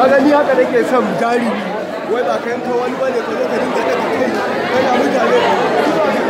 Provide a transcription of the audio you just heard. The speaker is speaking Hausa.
ka gani haka nake son jari wai ba kai ka wani bane ka zo ka dinga daga kai kana mutane